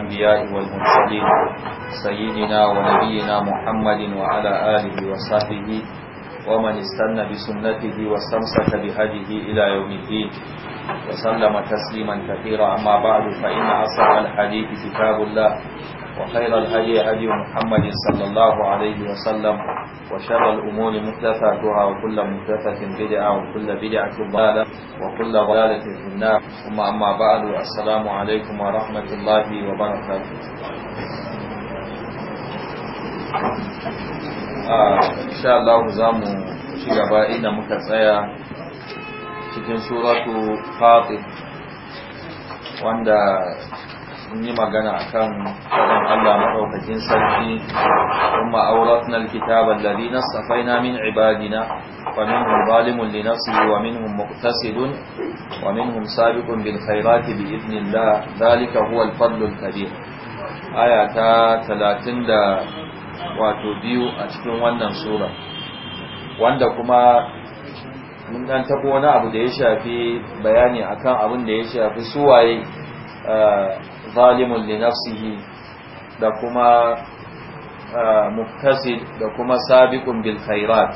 الأنبياء والمرسلين سيدنا ونبينا محمد وعلى آله وصحبه ومن استنى بسنته واستمسك بهديه إلى يوم الدين وسلم تسليما كثيرا أما بعد فإن أصح الحديث كتاب الله وخير الهدي هدي محمد صلى الله عليه وسلم وشر الأمور محدثاتها وكل محدثة بدعة وكل بدعة ضلالة وكل ضلالة في النار ثم أما بعد السلام عليكم ورحمة الله وبركاته إن شاء الله زامو شغبا إذا متسايا cikin suratu Fatir wanda mun yi magana akan faɗin Allah maɗaukakin sarki kuma auratna alkitaba alladhi nasafaina min ibadina wa minhum zalimun li nafsihi wa minhum muqtasidun wa minhum sabiqun bil khairati bi idnillah dhalika huwa al-fadlu kabir aya ta talatin da wato biyu a cikin wannan sura wanda kuma mun dan tabo wani abu da ya shafi bayani akan abin da ya shafi suwaye eh, zalimun li da kuma muktasid da kuma sabiqun bil khairat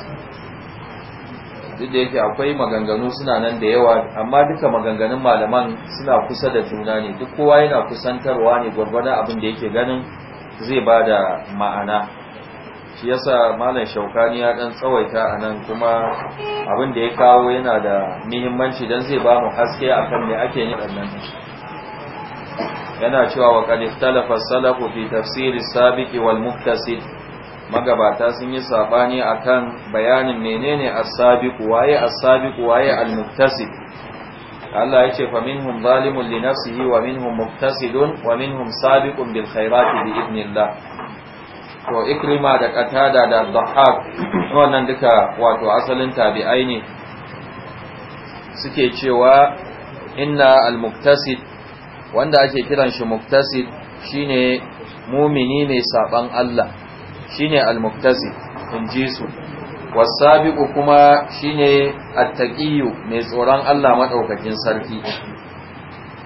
duk da yake akwai maganganu suna nan da yawa amma duka maganganun malaman suna kusa da juna ne duk kowa yana kusantarwa ne gwargwada abin da yake ganin zai ba da ma'ana shi yasa malam shaukani ya dan tsawaita a nan kuma abin da ya kawo yana da muhimmanci don zai ba mu haske akan me ake yin nan yana cewa wa qad ikhtalafa salafu fi tafsir as-sabiq wal muktasid magabata sun yi sabani akan bayanin menene as-sabiq waye as-sabiq waye al-muktasid Allah ya ce fa minhum zalimun li nafsihi wa minhum muktasidun wa minhum sabiqun bil khairati bi idnillah to ikrima da qatada da dhahab wannan duka wato asalin tabi'ai ne suke cewa inna al muktasid wanda ake kiran shi muktasid shine mumini mai saban Allah shine al-muktasid inji su wasabiqu kuma shine at-taqiyyu mai tsoron Allah madaukakin sarki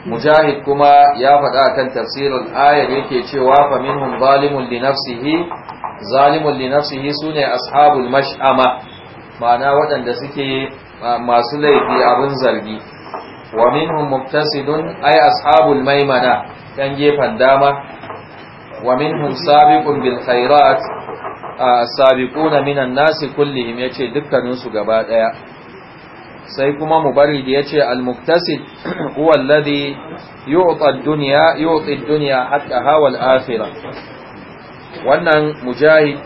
mujahid kuma ya faɗa kan tafsirin ayar yake cewa fa minhum zalimun li nafsihi zalimun li nafsihi sune ashabul mash'ama ma'ana waɗanda suke masu laifi abin zargi wa minhum mubtasidun ay ashabul maimana dan gefen dama wa minhum sabiqun bil khairat sabiquna minan nasi kullihim yace dukkanin su gaba daya sai kuma mubarid yace al muktasid huwa alladhi yu'ta ad-dunya yu'ti ad-dunya hatta hawa al-akhirah wannan mujahid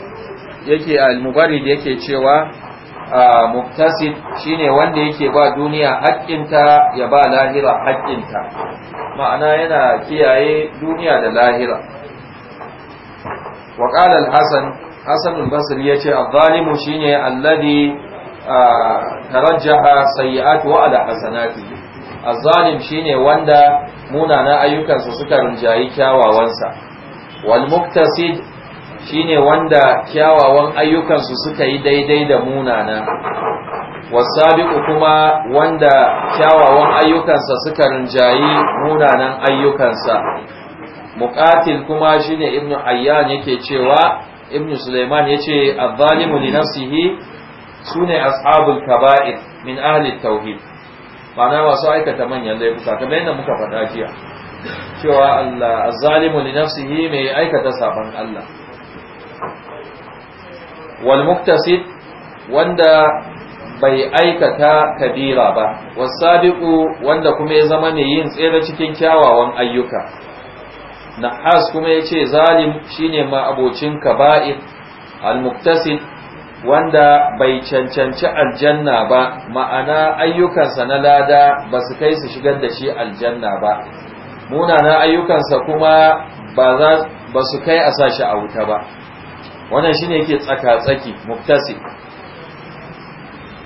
yake al mubarid yake cewa muktasib shine wanda yake ba duniya haƙƙinta ya ba lahira haƙƙinta ma'ana yana kiyaye duniya da lahira wa qala al-hasan hasan al-basri yace Al-Zalimu shine alladhi tarajjaha sayyi'atu ala hasanati Al-Zalim shine wanda munana ayyukansa suka rinjayi kyawawansa wal muktasid shine wanda kyawawan ayyukansu suka yi daidai da munana wasabiqu kuma wanda kyawawan ayyukansa suka rinjayi munanan ayyukansa muqatil kuma shine ibnu ayyan yake cewa ibnu sulaiman yace adh li nafsihi sune ashabul kaba'ir min ahli tauhid ma'ana wasu aikata manyan laifuka kamar yadda muka faɗa jiya cewa Allah adh li nafsihi mai aikata saban Allah wal muktasib wanda bai aikata kabira ba wasabiqu wanda kuma ya zama ne yin tsere cikin kyawawan ayyuka nahas kuma ya yace zalim shine ma abocin kaba'ir al wanda bai cancanci aljanna ba ma'ana ayyukansa na lada ba su kai su shigar da shi aljanna ba munana ayyukansa kuma ba su kai a sashi a wuta ba wannan shine yake tsaka-tsaki muktasi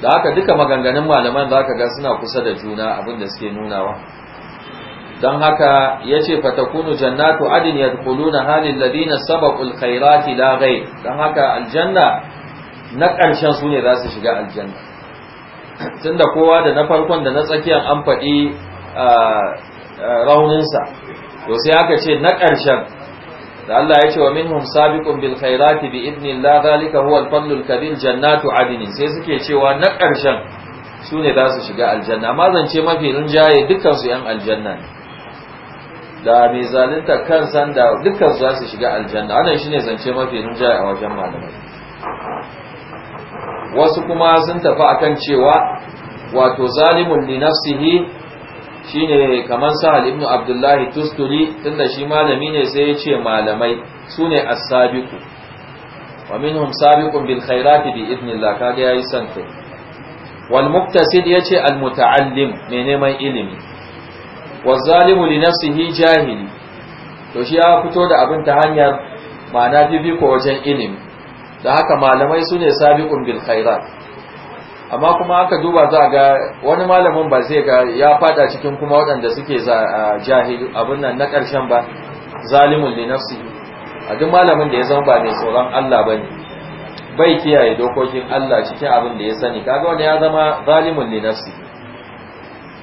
da haka duka maganganun malaman za ka ga suna kusa da juna abinda suke nunawa don haka ya ce fatakunu jannatu adin ya na halin ladina sabakul khairati la gai don haka aljanna na ƙarshen su ne za su shiga aljanna tunda kowa da na farkon da na tsakiyar an faɗi ah, ah, rauninsa to sai aka ce na ƙarshen da Allah ya ce wa minhum sabiqun bil khairati bi idnillah zalika huwa al-fadlul kabir jannatu abini. sai suke cewa na ƙarshen su ne za su shiga aljanna amma zance mafi rinjaye dukkan su yan aljanna ne da mai zalunta kansa da dukkan su za su shiga aljanna wannan shine zance mafi rinjaye a wajen malamai wasu kuma sun tafi akan cewa wato zalimun li nafsihi shine kamar sahal ibn abdullahi Tusturi, tunda shi malami ne sai ya ce malamai su ne as-sabiqu wa minhum sabiqun bil khairati bi idnillah kaga yayi san wal muktasid yace al muta'allim mai neman ilimi wa zalimu li nafsihi jahili to shi ya fito da abin ta hanyar ma'ana bibiko wajen ilimi da haka malamai su ne sabiqun bil khairat amma kuma aka duba za ga wani malamin ba zai ga ya fada cikin kuma waɗanda suke jahil abin nan na ƙarshen ba zalimun li nafsi a duk malamin da ya zama ba mai tsoron Allah ba ne bai kiyaye dokokin Allah cikin abin da ya sani kaga wani ya zama zalimun li nafsi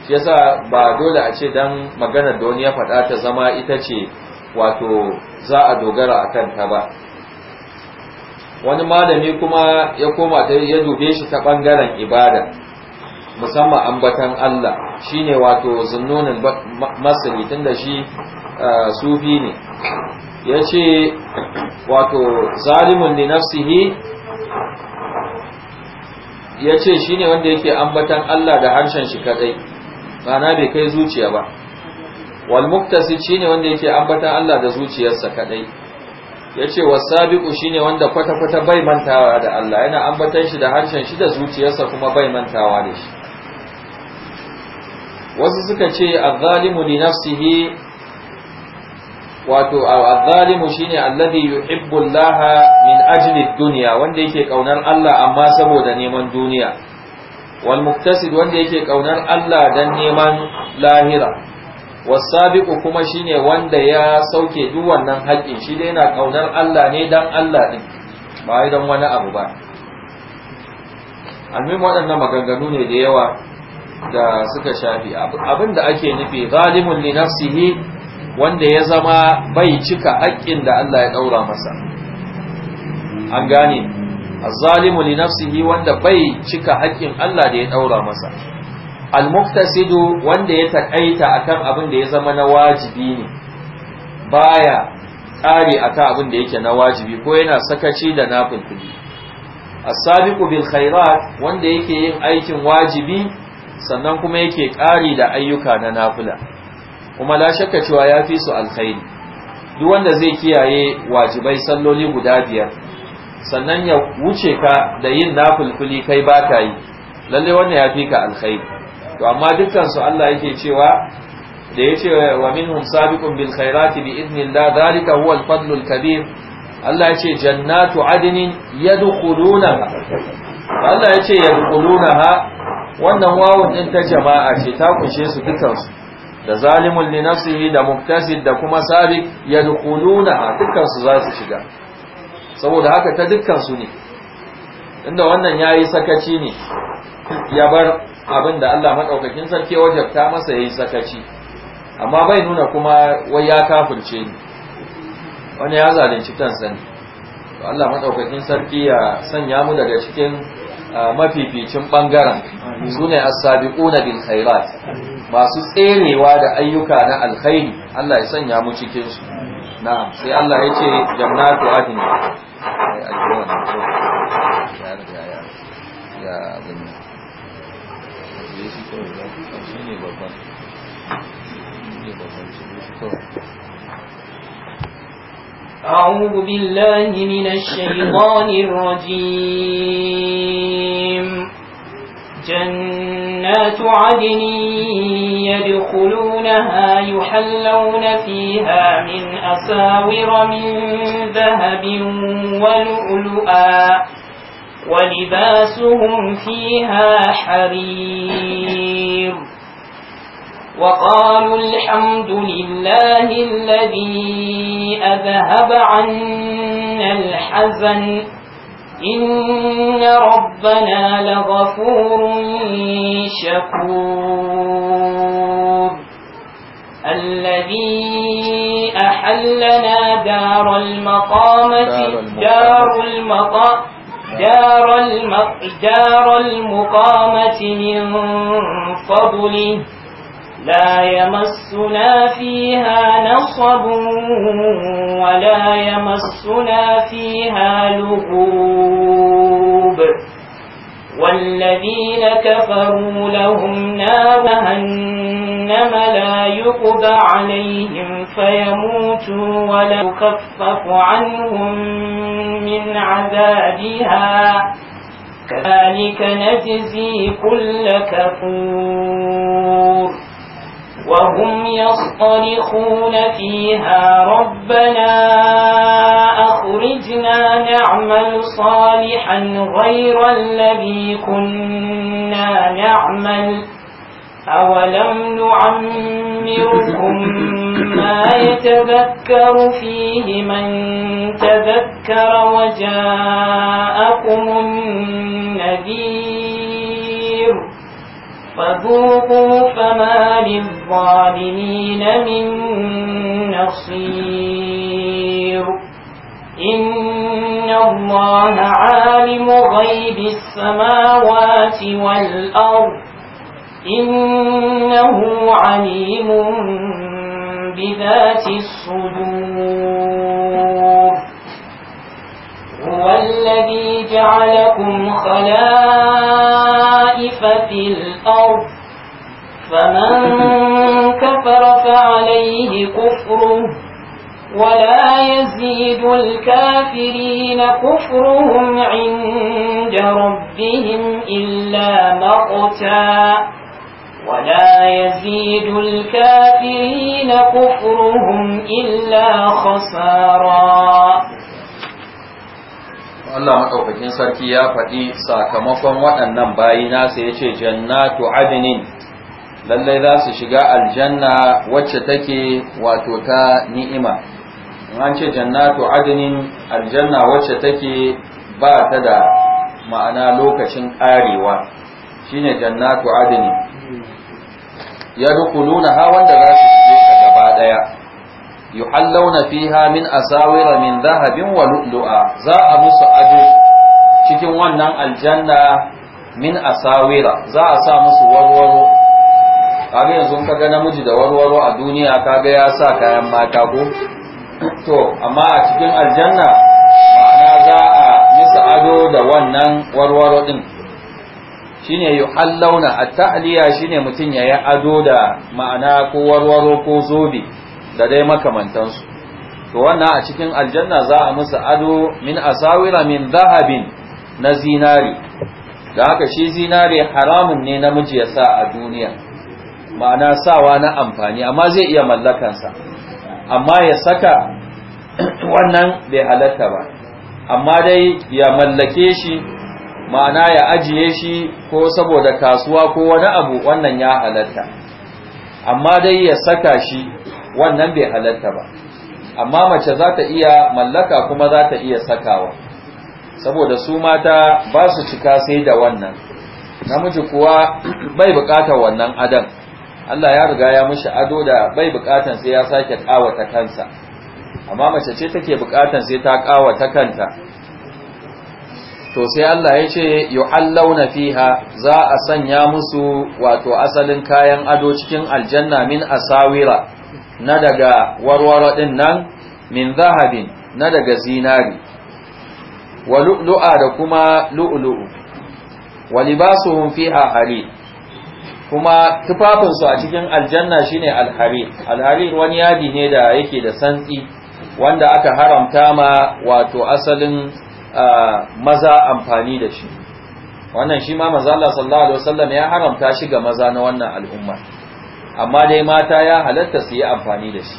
shi yasa ba dole a ce dan maganar da wani ya faɗa ta zama ita ce wato za a dogara akan ta ba wani malami kuma ya koma ta ya dube shi ta bangaren ibada musamman ambatan Allah shine wato zunnunin masani tunda shi sufi ne yace wato zalimun li nafsihi yace shine wanda yake ambatan Allah da harshen shi kadai ma'ana bai kai zuciya ba wal muktasi shine wanda yake ambatan Allah da zuciyarsa kadai ya ce wasabiku shine wanda kwata-kwata bai mantawa da Allah yana ambatan shi da harshen shi da zuciyarsa kuma bai mantawa da shi wasu suka ce azzalimu li nafsihi wato azzalimu shine alladhi yuhibbu Allah min ajli dunya wanda yake kaunar Allah amma saboda neman duniya wal muktasid wanda yake kaunar Allah dan neman lahira wasabiqu kuma shine wanda ya sauke duk wannan haƙƙin shi dai yana kaunar Allah ne dan Allah din ba ai dan wani abu ba almin waɗannan maganganu ne da yawa da suka shafi abin da ake nufi zalimun li nafsihi wanda ya zama bai cika haƙƙin da Allah ya daura masa an gane azzalimu li nafsihi wanda bai cika haƙƙin Allah da ya daura masa almuktasidu wanda ya takaita akan abin da ya zama na wajibi ne baya tsari akan abin da yake na wajibi ko yana sakaci da nafilfili as-sabiqu bil khairat wanda yake yin aikin wajibi sannan kuma yake ƙari da ayyuka na nafila kuma la shakka cewa ya fi su alkhairi duk wanda zai kiyaye wajibai salloli guda biyar sannan ya wuce ka da yin nafilfili kai ba ka yi lalle wannan ya fi ka alkhairi to amma dukkan su Allah yake cewa da yace wa minhum sabiqun bil khairati bi idnillah zalika huwa al fadlul kabir Allah yace jannatu adnin yadkhulunaha Allah yace yadkhulunaha wannan wawun din ta jama'a ce ta kunshe su dukkan su da zalimun li nafsihi da muktasid da kuma sabiq yadkhulunaha dukkan su za su shiga saboda haka ta dukkan su ne inda wannan yayi sakaci ne ya bar abin da Allah maɗaukakin sarki wajabta masa yayi sakaci amma bai nuna kuma wai ya kafirce ni wani ya zalunci kansa ne to Allah maɗaukakin sarki ya sanya mu daga cikin mafificin bangaren su ne as-sabiquna bil khairat masu tserewa da ayyuka na alkhairi Allah ya sanya mu cikin su na'am sai Allah ya ce jannatu ya ya ya ya أعوذ بالله من الشيطان الرجيم جنات عدن يدخلونها يحلون فيها من أساور من ذهب ولؤلؤا ولباسهم فيها حرير وقالوا الحمد لله الذي أذهب عنا الحزن إن ربنا لغفور شكور الذي أحلنا دار المقامة دار المقامة دار, الم... دار المقامة من فضله لا يمسنا فيها نصب ولا يمسنا فيها لغوب والذين كفروا لهم نار جهنم لا يقضى عليهم فيموتوا ولا يكفف عنهم من عذابها كذلك نجزي كل كفور وهم يصطرخون فيها ربنا أخرجنا نعمل صالحا غير الذي كنا نعمل أولم نعمركم ما يتذكر فيه من تذكر وجاءكم النذير فذوقوا فما للظالمين من نصير إن الله عالم غيب السماوات والأرض إنه عليم بذات الصدور هو الذي جعلكم خلائق خَسَائِفَةِ الْأَرْضِ فَمَن كَفَرَ فَعَلَيْهِ كُفْرُهُ وَلَا يَزِيدُ الْكَافِرِينَ كُفْرُهُمْ عِندَ رَبِّهِمْ إِلَّا مَقْتًا ولا يزيد الكافرين كفرهم إلا خسارا Allah maɗaukakin sarki ya faɗi sakamakon waɗannan bayi nasa ya ce jannatu adinin lallai za su shiga aljanna wacce take wato ta ni'ima an ce jannatu adinin aljanna wacce take ba ta da ma'ana lokacin ƙarewa shine jannatu adinin ya dukuluna ha wanda za su shige ka gaba ɗaya yuhallawna fiha min asawira min dhahabin wa lu'lu'a za a musu ado cikin wannan aljanna min asawira za a sa musu warwaro kaga yanzu kaga namiji da warwaro a duniya kaga ya sa kayan mata ko to amma a cikin aljanna ma'ana za a musu ado da wannan warwaro din shine yuhallawna at-ta'liya shine mutun yayi ado da ma'ana ko warwaro ko zobe da dai makamantansu to wannan a cikin aljanna za a musu ado min asawira min zahabin na zinari da haka shi zinari haramun ne namiji ya sa a duniya ma'ana sawa na amfani amma zai iya mallakansa amma ya saka wannan bai halatta ba amma dai ya mallake shi ma'ana ya ajiye shi ko saboda kasuwa ko wani abu wannan ya halatta amma dai ya saka shi wannan bai halatta ba amma mace za ta iya mallaka kuma za ta iya sakawa saboda su mata ba su cika sai da wannan namiji kuwa bai bukatar wannan adam Allah ya riga ya mishi ado da bai bukatar sai ya sake kawata kansa amma mace ce take bukatar sai ta kawata kanta to sai Allah ya ce yu'allawna fiha za a sanya musu wato asalin kayan ado cikin aljanna min asawira na daga warwaro din nan min zahabin na daga zinari wa lu'lu'a da kuma lu'lu'u wa libasuhum fiha hari. kuma tufafinsu a cikin aljanna shine alhari alhari wani yadi ne da yake da santsi wanda aka haramta ma wato asalin maza amfani da shi wannan shi ma manzo Allah sallallahu alaihi wasallam ya haramta shi ga maza na wannan al'umma amma dai mata ya halatta su yi amfani da shi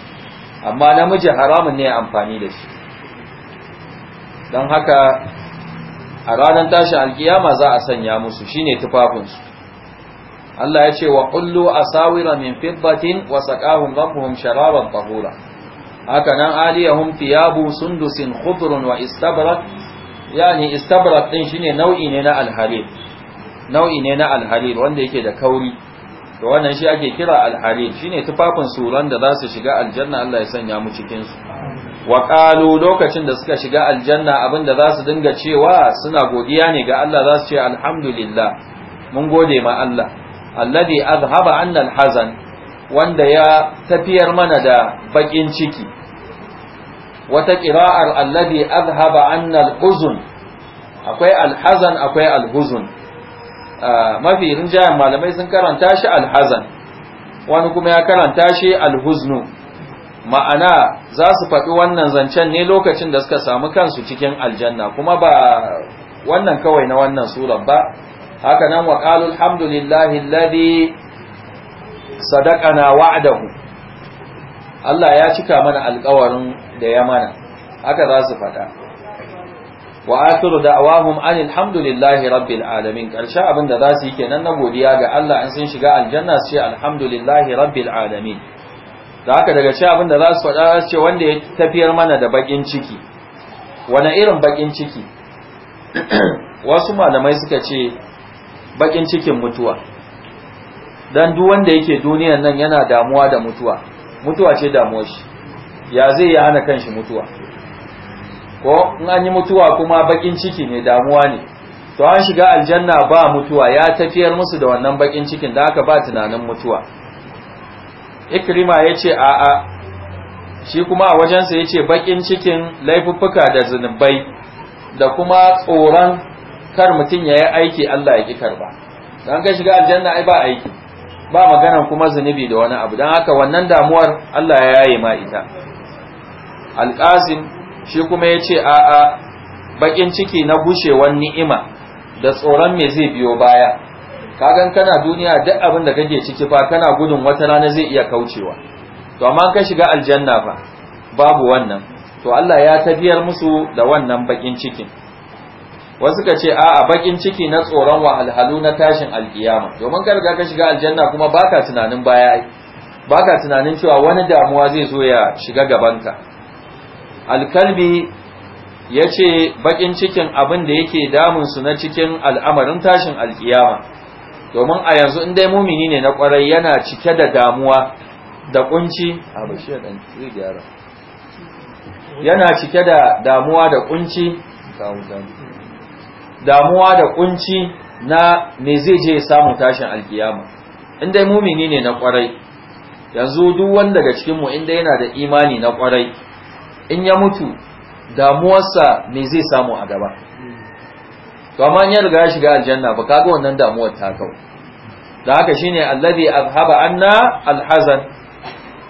amma namiji haramun ne amfani da shi don haka a ranar tashin alkiyama za a sanya musu shine tufafinsu Allah ya ce wa kullu asawira min fiddatin wa saqahum rabbuhum sharaban tahura haka nan aliyahum thiyabu sundusin khudrun wa istabrak yani istabrak din shine nau'i ne na alharir nau'i ne na alharir wanda yake da kauri Da wannan shi ake kira alharir shine tufafin suran da za su shiga aljanna Allah ya sanya mu cikin su wa qalu lokacin da suka shiga aljanna abinda za su dinga cewa suna godiya ne ga Allah za su ce alhamdulillah mun gode ma Allah alladhi azhaba anna alhazan wanda ya tafiyar mana da bakin ciki wata qira'ar alladhi azhaba anna alhuzun akwai alhazan akwai alhuzun Ah, mafi rinjayen malamai sun karanta shi alhazan wani kuma ya karanta shi alhuznu ma'ana za su faɗi wannan zancen ne lokacin da suka samu kansu cikin aljanna kuma ba wannan kawai na wannan surar ba haka nan wa qalu alhamdulillahi sadaka na wa'adahu. Allah ya cika mana alkawarin da ya mana haka za su faɗa wa akhiru da'wahum alhamdulillahi rabbil alamin karshe abinda da zasu yi kenan na godiya ga Allah in sun shiga aljanna sai alhamdulillahi rabbil alamin da haka daga cewa abin da zasu faɗa ce wanda ya tafiyar mana da bakin ciki wani irin bakin ciki wasu malamai suka ce bakin cikin mutuwa dan duk wanda yake duniyar nan yana damuwa da mutuwa mutuwa ce damuwar shi ya zai yi hana kanshi mutuwa ko in an yi mutuwa kuma bakin ciki ne damuwa ne to an shiga aljanna ba mutuwa ya tafiyar musu da wannan bakin cikin da aka ba tunanin mutuwa ikrima ya ce a'a shi kuma a wajensa ya ce bakin cikin laifuffuka da zunubai da kuma tsoron kar mutum ya yi aiki Allah ya ƙi karba don ka shiga aljanna ai ba aiki ba maganar kuma zunubi da wani abu don haka wannan damuwar Allah ya yaye ma ita alƙasim shi kuma ya ce a'a bakin ciki na wani ni'ima da tsoron me zai biyo baya kagan kana duniya duk abin da kake ciki fa kana gudun wata rana zai iya kaucewa to amma ka shiga aljanna fa babu wannan to Allah ya tabiyar musu da wannan bakin cikin wasu ka ce a'a bakin ciki na tsoron wahalhalu na tashin alkiyama domin ka riga ka shiga aljanna kuma baka tunanin baya ai baka tunanin cewa wani damuwa zai zo ya shiga gabanka alkalbi ya ce baƙin cikin abin da yake damunsu na cikin al'amarin tashin alƙiyama domin a yanzu in dai mumini ne na ƙwarai yana cike da damuwa da ƙunci yana cike da damuwa da ƙunci damuwa da ƙunci na me zai je samun tashin alƙiyama in dai mumini ne na ƙwarai yanzu duk wanda daga cikinmu in dai yana da imani na ƙwarai in ya mutu damuwarsa me zai samu a gaba to amma ya riga ya shiga aljanna ba kaga wannan damuwar ta kawo da haka shine allazi azhaba anna alhazan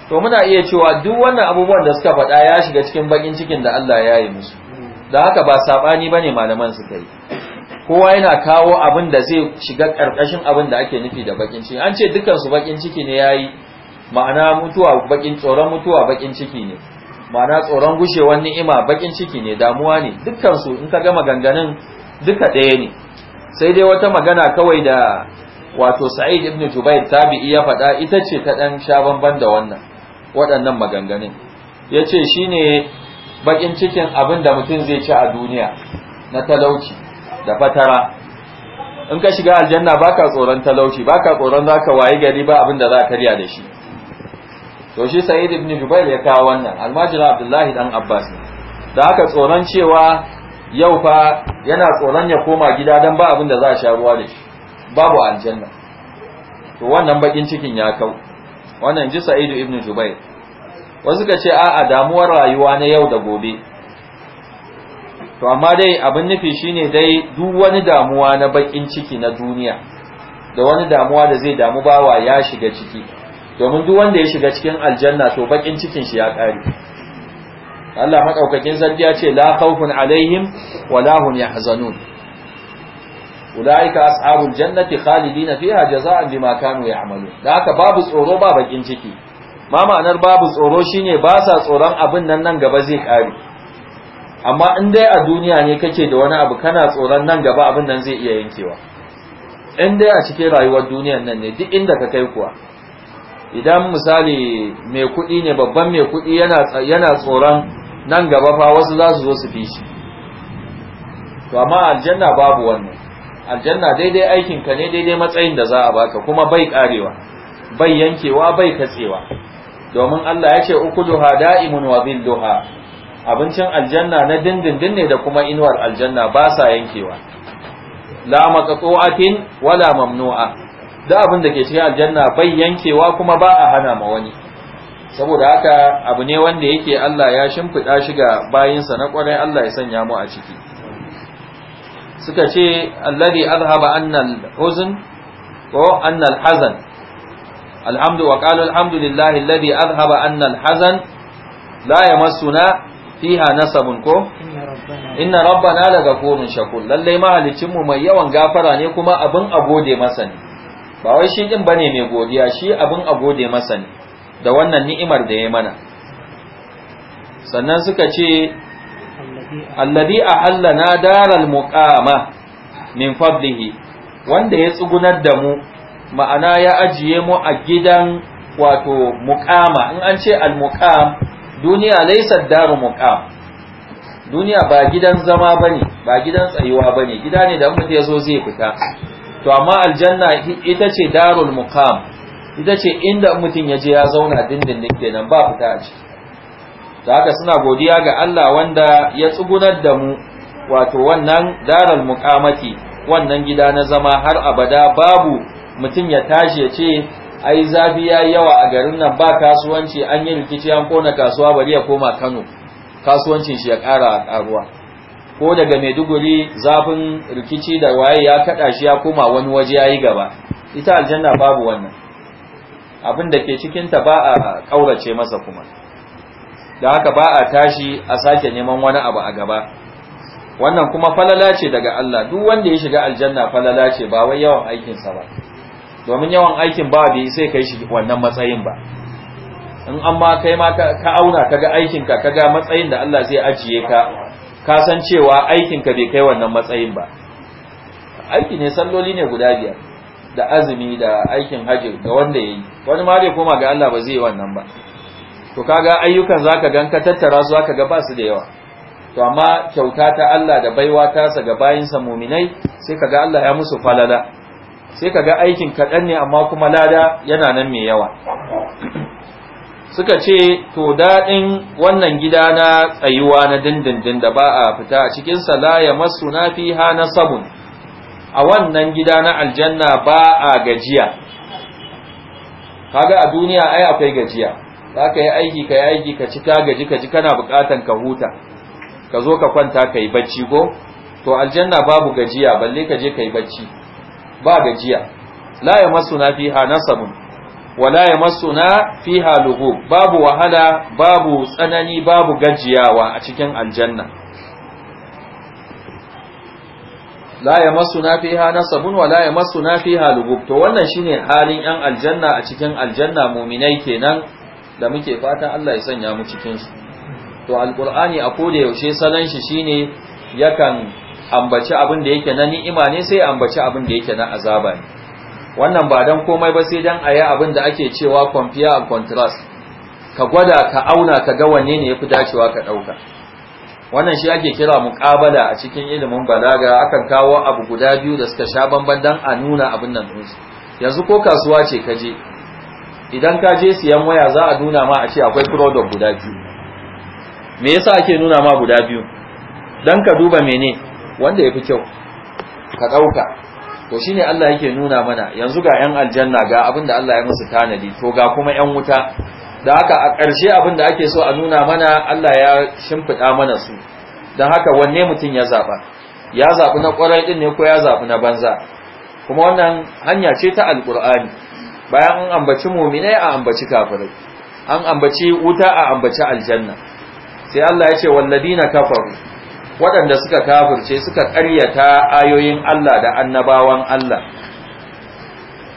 to muna iya cewa duk wannan abubuwan da suka faɗa ya shiga cikin bakin cikin da Allah ya yi musu da haka ba sabani bane malaman suka yi kowa yana kawo abin da zai shiga karkashin abin da ake nufi da bakin ciki an ce dukkan su bakin ciki ne yayi ma'ana mutuwa bakin tsoron mutuwa bakin ciki ne ma'ana tsoron gushewar ni'ima bakin ciki ne damuwa ne dukkan su in ka ga maganganun duka ɗaya ne sai dai wata magana kawai da wato Sa'id ibn Jubair tabi'i ya faɗa ita ce ta dan sha bamban da wannan waɗannan maganganun yace shine baƙin cikin abin da mutum zai ci a duniya na talauci da fatara in ka shiga aljanna baka tsoron talauci baka tsoron zaka wayi gari ba abin da za ka riya da shi to shi sa'id ibn jubair ya kawo wannan almajira abdullahi dan abbas da haka tsoron cewa yau fa yana tsoron ya koma gida dan ba abin da za a sha ruwa da shi babu aljanna to wannan bakin cikin ya kau wannan ji sa'id ibn jubair wasu ka ce a'a damuwar rayuwa na yau da gobe to amma dai abin nufi shine dai duk wani damuwa na bakin ciki na duniya da wani damuwa da zai damu bawa ya shiga ciki domin duk wanda ya shiga cikin aljanna to bakin cikin shi ya kare Allah madaukakin sarki ya ce la khawfun alaihim wala hum yahzanun ulaika ashabul jannati khalidina fiha jazaan bima kanu ya'malun da haka babu tsoro ba bakin ciki ma ma'anar babu tsoro shine ba sa tsoron abin nan nan gaba zai kare amma in dai a duniya ne kake da wani abu kana tsoron nan gaba abin nan zai iya yankewa in dai a cikin rayuwar duniyar nan ne duk inda ka kai kuwa idan misali mai kuɗi ne babban mai kuɗi yana tsoron nan gaba fa wasu za su zo su fi shi to amma aljanna babu wannan aljanna daidai aikinka ne daidai matsayin da za a baka kuma bai karewa bai yankewa bai katsewa domin Allah ya ce ukuluha da'imun wa duha abincin aljanna na dindindin ne da kuma inuwar aljanna ba sa yankewa la maqtu'atin wala mamnu'a duk abin da ke cikin aljanna bai yankewa kuma ba a hana ma wani saboda haka abu ne wanda yake Allah ya shimfiɗa shi ga bayinsa na ƙwarai Allah ya sanya mu a ciki suka ce allazi azhaba annal huzn ko annal hazan alhamdu wa qala alhamdulillahi allazi azhaba annal hazan la yamassuna fiha nasabun ko inna rabbana ghafurun shakur lalle mahalicin mu mai yawan gafara ne kuma abin agode masa ne ba wai shi din bane mai godiya shi abin a gode masa ne da wannan ni'imar da ya mana sannan suka ce Allabi alladhi ahallana daral muqama min fadlihi wanda ya tsugunar da mu ma'ana ya ajiye mu a gidan wato muqama in an ce al muqam duniya laysa daru muqam duniya ba gidan zama bane ba gidan tsayuwa bane gida ne da mutum ya zo zai fita to amma aljanna ita ce darul muqam ita ce inda mutum ya je ya zauna dindindin kenan ba fita a ciki da haka suna godiya ga Allah wanda ya tsugunar da mu wato wannan darul muqamati wannan gida na zama har abada babu mutum ya tashi ya ce ai zafi ya yawa a garin nan ba kasuwanci an yi rikici an kona kasuwa bari ya koma Kano kasuwancin shi ya ƙara ƙaruwa ko daga maiduguri zafin rikici da waye ya kada shi ya koma wani waje yayi gaba ita aljanna babu wannan abin da ke cikin ta ba a kaurace masa kuma da haka ba a tashi a sake neman wani abu a gaba wannan kuma falala ce daga Allah duk wanda ya shiga aljanna falala ce ba wai yawan aikin sa ba domin yawan aikin ba bai sai kai shi wannan matsayin ba in amma kai ma ka auna kaga aikin ka kaga matsayin da Allah zai ajiye ka ka san cewa aikinka bai kai wannan matsayin ba aiki ne salloli ne guda biyar da azumi da aikin hajji da wanda yayi wani ma bai koma ga Allah ba zai yi wannan ba to kaga ayyukan zaka gan ka tattara su zaka ga ba su da yawa to amma kyauta ta Allah da baiwa ta sa ga sa muminai sai kaga Allah ya musu falala sai kaga aikin kaɗan ne amma kuma lada yana nan mai yawa suka ce to daɗin wannan gida na tsayuwa na dindindin da ba a fita a cikinsa la ya masu na fi na sabon a wannan gida na aljanna ba a gajiya kaga a duniya ai akwai gajiya za ka yi aiki ka yi aiki ka ci ka gaji ka ji kana bukatan ka huta ka zo ka kwanta ka yi bacci ko to aljanna babu gajiya balle ka je ka yi bacci ba gajiya la ya masu na fi ha na sabon wala yamassuna fiha lugu babu wahala babu tsanani babu gajiyawa a cikin aljanna la yamassuna fiha nasabun wala yamassuna fiha lugu to wannan shine halin yan aljanna a cikin aljanna mu'minai kenan da muke fatan Allah ya sanya mu cikin su to alqur'ani a koda yaushe salon shi shine yakan ambaci abin da yake na ni'ima ne sai ambaci abin da yake na azaba ne wannan ba dan komai ba sai dan yi abin da ake cewa compare and contrast ka gwada ka auna ka ga wanne ne ya fi dacewa ka ɗauka. wannan shi ake kira muqabala a cikin ilimin balaga akan kawo abu guda biyu da suka sha bamban dan a nuna abin nan dinsu yanzu ko kasuwa ce ka je idan ka je siyan waya za a nuna ma a ce akwai product guda biyu me yasa ake nuna ma guda biyu dan ka duba mene wanda yafi kyau ka ɗauka. to shine Allah yake nuna mana yanzu ga yan aljanna ga abin da Allah ya musu tanadi to ga kuma yan wuta da haka a ƙarshe abin da ake so a nuna mana Allah ya shimfiɗa mana su don haka wanne mutum ya zaɓa ya zaɓi na ƙwarai ɗin ne ko ya zaɓi na banza kuma wannan hanya ce ta alƙur'ani bayan an ambaci muminai a ambaci kafirai an ambaci wuta a ambaci aljanna sai Allah ya ce walladina kafaru waɗanda suka kafirce suka ƙaryata ayoyin Allah da annabawan Allah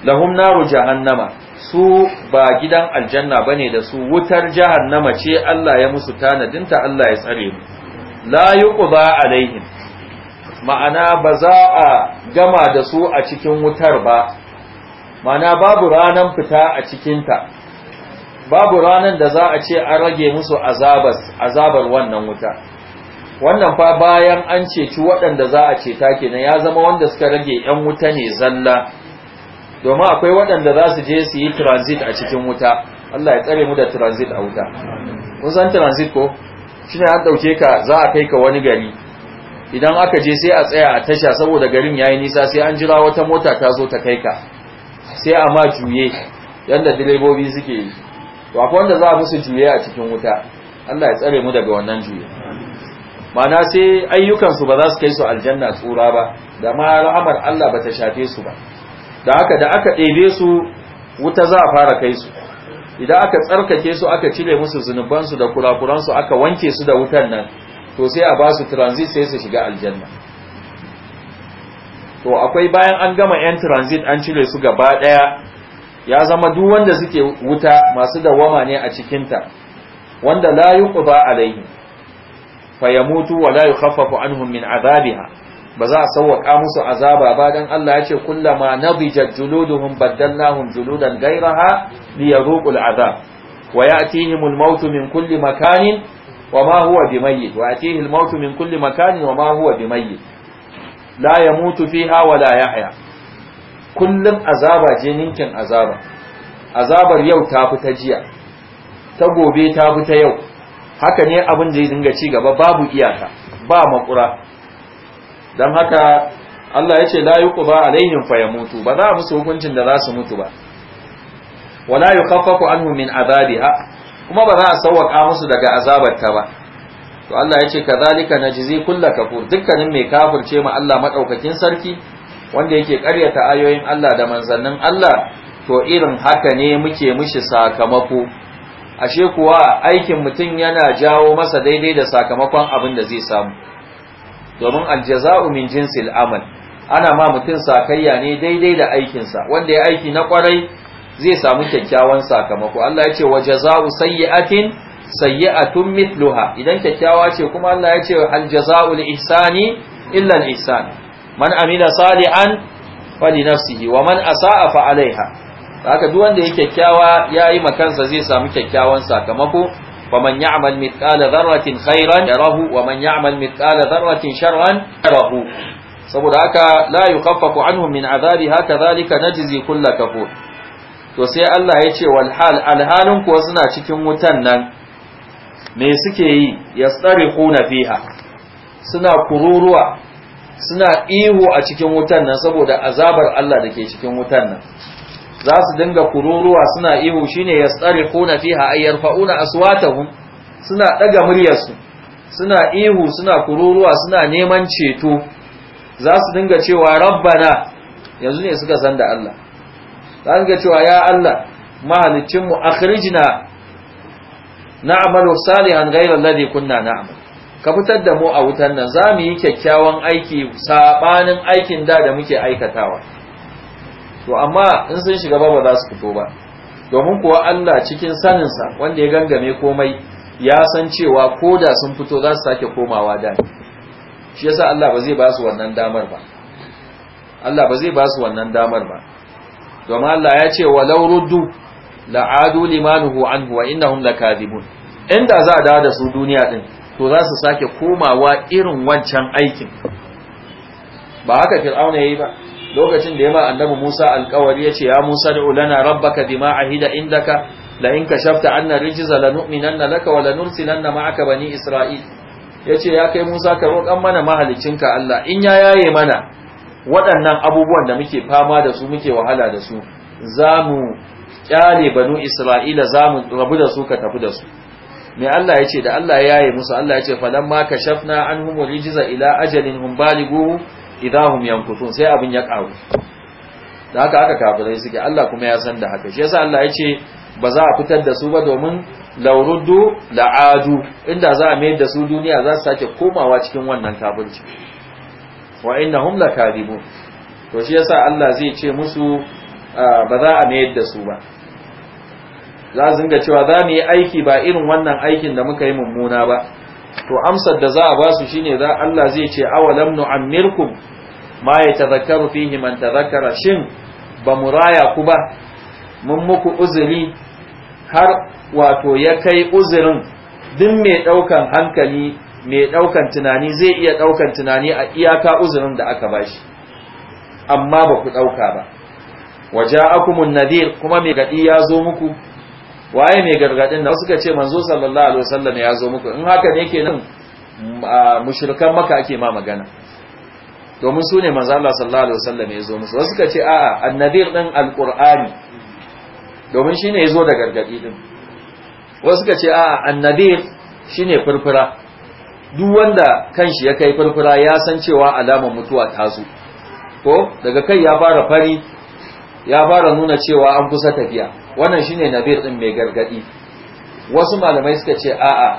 lahum naru jahannama su ba gidan aljanna bane da su wutar jahannama ce Allah ya musu tanadinta Allah ya tsare mu la yuqda alaihim ma'ana ba za a gama da su a cikin wutar ba ma'ana babu ranan fita a cikin ta. babu ranan da za a ce an rage musu azabar wannan wuta wannan fa bayan an ceci waɗanda za a ceta kenan ya zama wanda suka rage ‘yan wuta ne zalla domin akwai waɗanda za su je su yi transit a cikin wuta Allah ya tsare mu da transit a wuta kun san transit ko shi ne an ɗauke ka za a kai ka wani gari idan aka je sai a tsaya a tasha saboda garin ya yi nisa sai an jira wata mota ta zo ta kai ka sai a ma juye yadda direbobi suke yi to wanda za a musu juye a cikin wuta Allah ya tsare mu daga wannan juye mana sai ayyukansu ba za su kai su aljanna tsura ba da ma ra'amar Allah ba ta shafe su ba da haka da aka ɗebe su wuta za a fara kai su idan aka tsarkake su aka cire musu zunubansu da kurakuransu aka wanke su da wutan nan to sai a ba su transit sai su shiga aljanna to akwai bayan an gama yan transit an cire su gaba ɗaya ya zama duk wanda suke wuta masu dawama ne a cikinta wanda la yuqba alaihi fa yamutu wa la yukhaffafu anhum min azabiha ba za a sauwaka musu azaba ba dan Allah ya ce kullama nadijat juluduhum baddalnahum juludan ghayraha liyaruqu azab. wa ya'tihim maut min kulli makanin wa ma huwa bimayyit wa ya'tihi maut min kulli makanin wa ma huwa bimayyit la yamutu fiha wa la yahya kullum azaba je ninkin azaba azabar yau ta ta jiya ta gobe ta ta yau haka ne abin da ya dinga ci gaba babu iyaka ba makura don haka Allah ya ce la yuqda alaihim fayamutu ba za a musu hukuncin da za su mutu ba wala yukhaffafu anhum min ha kuma ba za a sauwaka musu daga azabarta ba to Allah ya ce kadhalika najzi kullu kafur dukkanin mai ce ma Allah madaukakin sarki wanda yake karyata ayoyin Allah da manzannin Allah to irin haka ne muke mishi sakamako ashe kuwa aikin mutum yana jawo masa daidai da sakamakon abin da zai samu domin aljaza'u min jinsil amal ana ma mutum sakayya ne daidai da aikinsa wanda ya aiki na kwarai zai samu kyakkyawan sakamako Allah ya ce wa jaza'u sayyi'atin sayyi'atun mithluha idan kyakkyawa ce kuma Allah ya ce hal jaza'u li ihsani illa al ihsan man amila salihan fali nafsihi wa man asa'a fa alaiha haka duk wanda ya kyakkyawa yayi kansa zai samu kyakkyawan sakamako man ya'mal mithqala dharratin khairan yarahu wa man ya'mal mithqala dharratin sharran yarahu saboda haka la yukhaffafu anhum min azabi haka zalika najzi kullu kafur to sai Allah ya ce wal hal kuwa suna cikin wutan nan me suke yi yastarihuna fiha suna kururuwa suna ihu a cikin wutan nan saboda azabar Allah da ke cikin wutan nan za su dinga kururuwa suna ihu shine yastarihuna fiha ay yarfa'una aswatahum suna daga muryarsu suna ihu suna kururuwa suna neman ceto za su dinga cewa rabbana yanzu ne suka san da Allah za su dinga cewa ya Allah mahalicin mu akhrijna na'malu salihan ghayra alladhi kunna na'mal ka fitar da mu a wutan nan za mu yi kyakkyawan aiki sabanin aikin da da muke aikatawa to amma in sun shiga ba ba za su fito ba domin kuwa Allah cikin saninsa wanda ya gangame komai ya san cewa ko da sun fito za su sake komawa da shi yasa Allah ba zai ba su wannan damar ba Allah ba zai ba su wannan damar ba domin Allah ya ce walau ruddu la'adu limanuhu anhu wa innahum lakadibun inda za a dawo da su duniya din to za su sake komawa irin wancan aikin ba haka fir'auna yayi ba lokacin da ya ma annabi Musa alƙawari ya ce ya Musa da ulana rabbaka bima ahida indaka la in kashafta anna rijza lanu'minanna laka wa lanursilanna ma'aka bani isra'il yace ya kai Musa ka roƙan mana mahalicinka Allah in ya yaye mana waɗannan abubuwan da muke fama da su muke wahala da su zamu kyale banu isra'ila zamu rabu da su ka tafi da su me Allah yace da Allah ya yaye musu Allah yace falamma kashafna anhum rijza ila ajalin hum balighu idahum yankutun sai abin ya karu da haka aka kafirai suke Allah kuma ya san da haka shi yasa Allah ya ce ba za a fitar da su ba domin lauruddu la'adu inda za a mayar da su duniya za su sake komawa cikin wannan kafirci wa innahum lakadibun to shi yasa Allah zai ce musu ba za a mayar da su ba za su dinga cewa za mu yi aiki ba irin wannan aikin da muka yi mummuna ba to amsar da za a basu shine za Allah zai ce awalam nu'ammirkum ma yatadhakkaru fihi man tadhakkara shin ba muraya raya ku ba mun muku uzuri har wato ya kai uzurin duk mai daukan hankali mai daukan tunani zai iya daukan tunani a iyaka uzurin da aka bashi amma ba ku dauka ba waja'akumun nadir kuma mai gadi ya zo muku waye mai gargadin da suka ce manzo sallallahu alaihi wasallam ya zo muku in haka ne nan, mushrikan maka ake ma magana domin su ne manzo Allah sallallahu alaihi wasallam ya zo musu wasu suka ce a'a annabir din alqur'ani domin shine yazo da gargadi din wasu suka ce a'a annabir shine furfura duk wanda kanshi ya kai furfura ya san cewa alamar mutuwa ta zo ko daga kai ya fara fari ya fara nuna cewa an kusa tafiya wannan shine nabir din mai gargadi wasu malamai suka ce a'a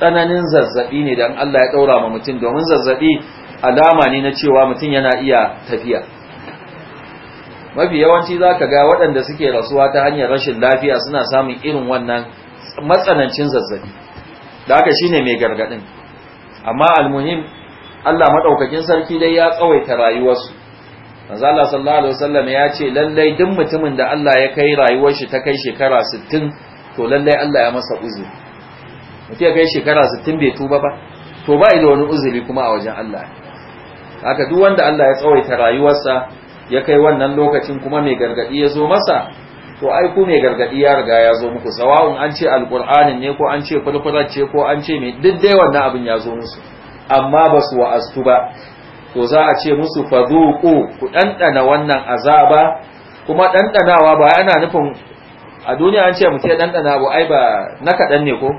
tsananin zazzabi ne dan Allah ya daura ma mutum domin zazzabi alama ne na cewa mutum yana iya tafiya mafi yawanci zaka ga waɗanda suke rasuwa ta hanyar rashin lafiya suna samun irin wannan matsanancin zazzabi da haka shine mai gargadin amma almuhim Allah madaukakin sarki dai ya tsawaita rayuwarsu manzo Allah sallallahu alaihi wasallam ya ce lallai duk mutumin da Allah ya kai rayuwar shi ta kai shekara 60 to lallai Allah ya masa uzuri mutum ya kai shekara 60 bai tuba ba to ba da wani uzuri kuma a wajen Allah haka duk wanda Allah ya tsawaita rayuwarsa ya kai wannan lokacin kuma mai gargadi ya zo masa to ai ku mai gargadi ya riga ya zo muku sawa'un an ce alqur'anin ne ko an ce fulfulat ce ko an ce mai duk dai wannan abin ya zo musu amma ba su wa'astu ba to za a ce musu fadhuqu ku dandana wannan azaba kuma dandanawa ba yana nufin a duniya an ce mutai dandana ba ai ba na kadan ne ko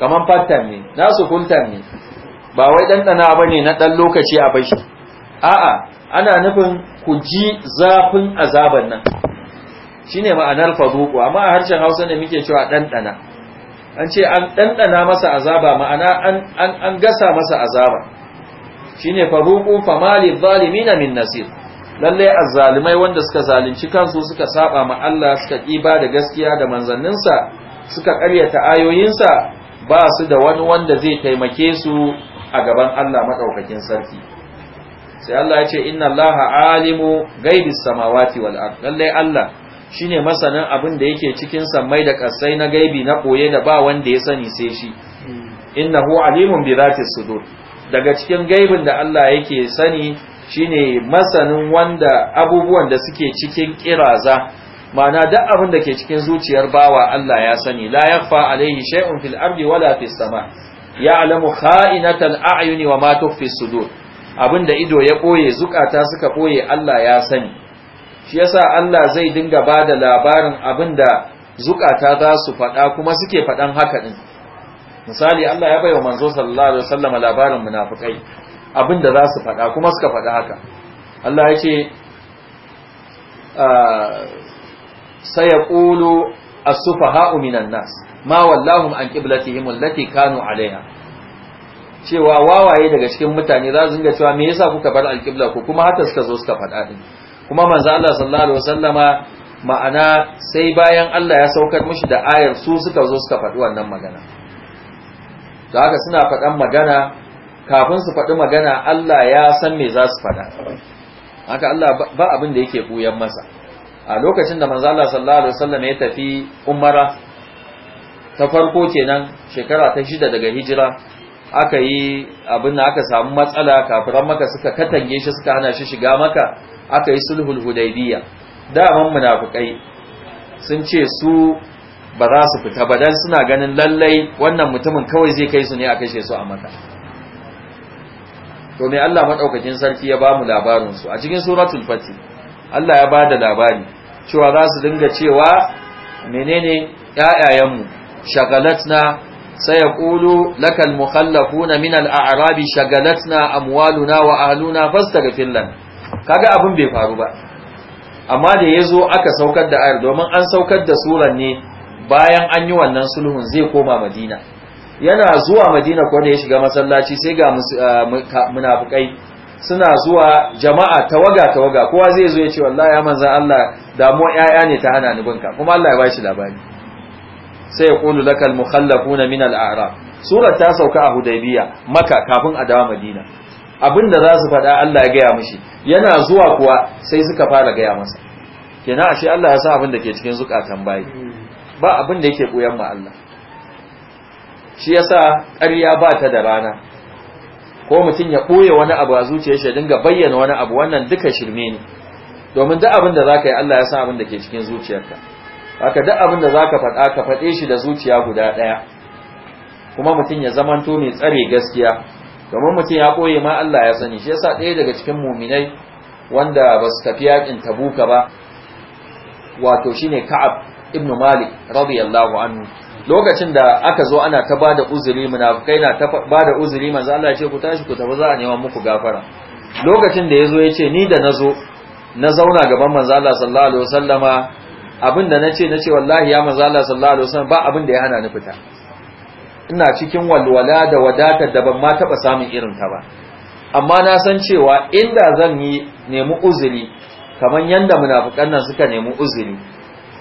kaman fatan ne nasu kuntan ne ba wai dandana bane na dan lokaci a bashi a'a ana nufin ku ji zafin azaban nan shine ma'anar fadhuqu amma a harshen Hausa ne muke cewa dandana an ce an dandana masa azaba ma'ana an an gasa masa azaba shine faruqu famali zalimina min nasir lalle azzalimai wanda suka zalunci kansu suka saba ma Allah suka kiba da gaskiya da manzanninsa suka karyata ayoyinsa ba su da wani wanda zai taimake su a gaban Allah madaukakin sarki sai Allah ya ce inna Allaha alimu ghaibis samawati wal ard lalle Allah shine masanin abin da yake cikin samai da kasai na gaibi na koye da ba wanda ya sani sai shi hmm. innahu alimun bi zati sudur daga cikin gaibin da Allah yake sani shine masanin wanda abubuwan da suke cikin kiraza ma'ana duk abin da ke cikin zuciyar bawa Allah ya sani la yakfa alaihi shay'un fil ardi wala fis sama ya'lamu kha'inatal a'yuni wa ma tukhfi sudur abinda ido ya boye zukata suka boye Allah ya sani shi yasa Allah zai dinga bada labarin abinda zukata za su faɗa kuma suke faɗan haka din misali Allah ya bai wa manzo sallallahu alaihi wasallam labarin munafikai abinda za su faɗa kuma suka faɗa haka Allah ya ce ah, sayaqulu as-sufaha'u minan nas ma wallahu an qiblatihim allati kanu alaiha cewa wawaye daga cikin mutane za su dinga cewa me yasa kuka bar al-qibla ku kuma haka suka zo suka faɗa din kuma manzo Allah sallallahu alaihi wasallama ma'ana sai bayan Allah ya saukar mushi da ayar su suka zo suka faɗi wannan magana da haka suna faɗan magana kafin su faɗi magana Allah ya san me za su faɗa haka Allah ba abin da yake buyan masa a lokacin da manzo Allah sallallahu alaihi wasallam ya tafi umara ta farko kenan shekara ta shida daga hijira aka yi abin da aka samu matsala kafiran maka suka katange shi suka hana shi shiga maka aka yi sulhul hudaybiya daman munafikai sun ce su ba za su fita ba dan suna ganin lallai wannan mutumin kawai zai kai su ne a kashe su a maka to me Allah madaukakin sarki ya bamu labarin su a cikin suratul fati Allah ya bada labari cewa za su dinga cewa menene ƴaƴayenmu shagalatna sayaqulu lakal mukhallafuna min al-a'rabi shagalatna amwaluna wa ahluna fastaghfir lana kaga abin bai faru ba amma da yazo aka saukar da ayar domin an saukar da suran ne bayan an yi wannan sulhun zai koma madina yana zuwa madina ko ne ya shiga masallaci sai ga ah, munafukai suna zuwa jama'a tawaga tawaga kowa zai zo ya ce wallahi ya Allah damuwa 'ya'ya ne ta hana ni binka kuma Allah ya ba shi labari sai ya qulu lakal mukhallafuna min al-a'rab surar ta sauka a Hudaybiya maka kafin a dawo Madina abinda za su faɗa Allah ya gaya mishi yana zuwa kuwa sai suka fara gaya masa kenan ashe Allah ya sa abin da ke cikin zukatan bayi ba abin da yake koyan ma Allah shi yasa ƙarya ba ta da rana ko mutum ya ɓoye wani abu a zuciyar shi dinga bayyana wani abu wannan duka shirme ne domin duk abin da zaka yi Allah ya san abin da ke cikin zuciyarka haka duk abin da ka faɗa ka faɗe shi da zuciya guda ɗaya kuma mutum ya zamanto mai tsare gaskiya domin mutum ya ɓoye ma Allah ya sani shi yasa ɗaya daga cikin muminai wanda ba su tafi yakin tabuka ba wato shine Ka'ab Ibnu malik radiyallahu anhu lokacin da aka zo ana ta bada uzuri munafikai na ta bada uzuri manzo Allah ya ce ku tashi ku tafi za a nema muku gafara lokacin da yazo yace ni da nazo na zauna gaban manzo Allah sallallahu alaihi wasallama abinda nace nace wallahi ya manzo Allah sallallahu alaihi wasallam ba abin da ya hana ni fita ina cikin walwala da wadata da ban ma taba samun irin ta ba amma na san cewa inda zan yi nemi uzuri kamar yanda munafikan nan suka nemi uzuri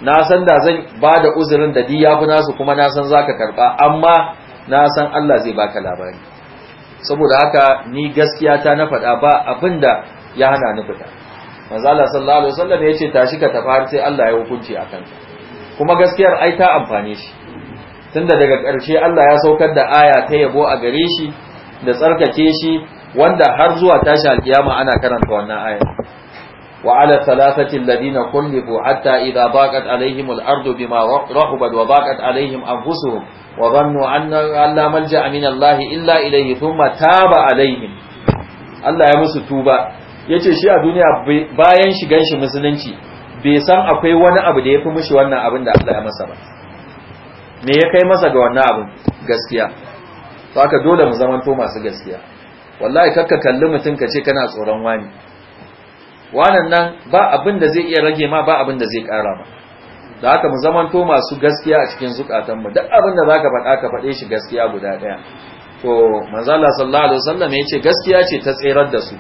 na san da zan ba da uzurin da di ya fi nasu kuma na san za ka karɓa amma na san Allah zai baka labari saboda haka ni gaskiya ta na faɗa ba abin da ya hana ni fita manzala sallallahu alaihi wasallam ya ce tashi ka tafi har sai Allah ya hukunci akan kuma gaskiyar ai ta amfane shi tunda daga ƙarshe Allah ya saukar da aya ta yabo a gare shi da tsarkake shi wanda har zuwa tashi alkiyama ana karanta wannan aya وعلى الثلاثة الذين خلفوا حتى إذا ضاقت عليهم الأرض بما رحبت وضاقت عليهم أنفسهم وظنوا أن لا ملجأ من الله إلا إليه ثم تاب عليهم Allah ya musu tuba yace shi a duniya bayan shigan shi musulunci bai san akwai wani abu da ya fi mishi wannan abin da Allah ya masa ba me ya kai masa ga wannan abin gaskiya to haka dole mu zamanto masu gaskiya wallahi kakka kalli mutum ka ce kana tsoron wani wannan nan ba abin da zai iya rage ma ba abin da zai kara ba da haka mu zamanto masu gaskiya a cikin zukatanmu duk abin da zaka faɗa ka faɗe shi gaskiya guda ɗaya to manzo Allah sallallahu alaihi wasallam yace gaskiya ce ta tserar da su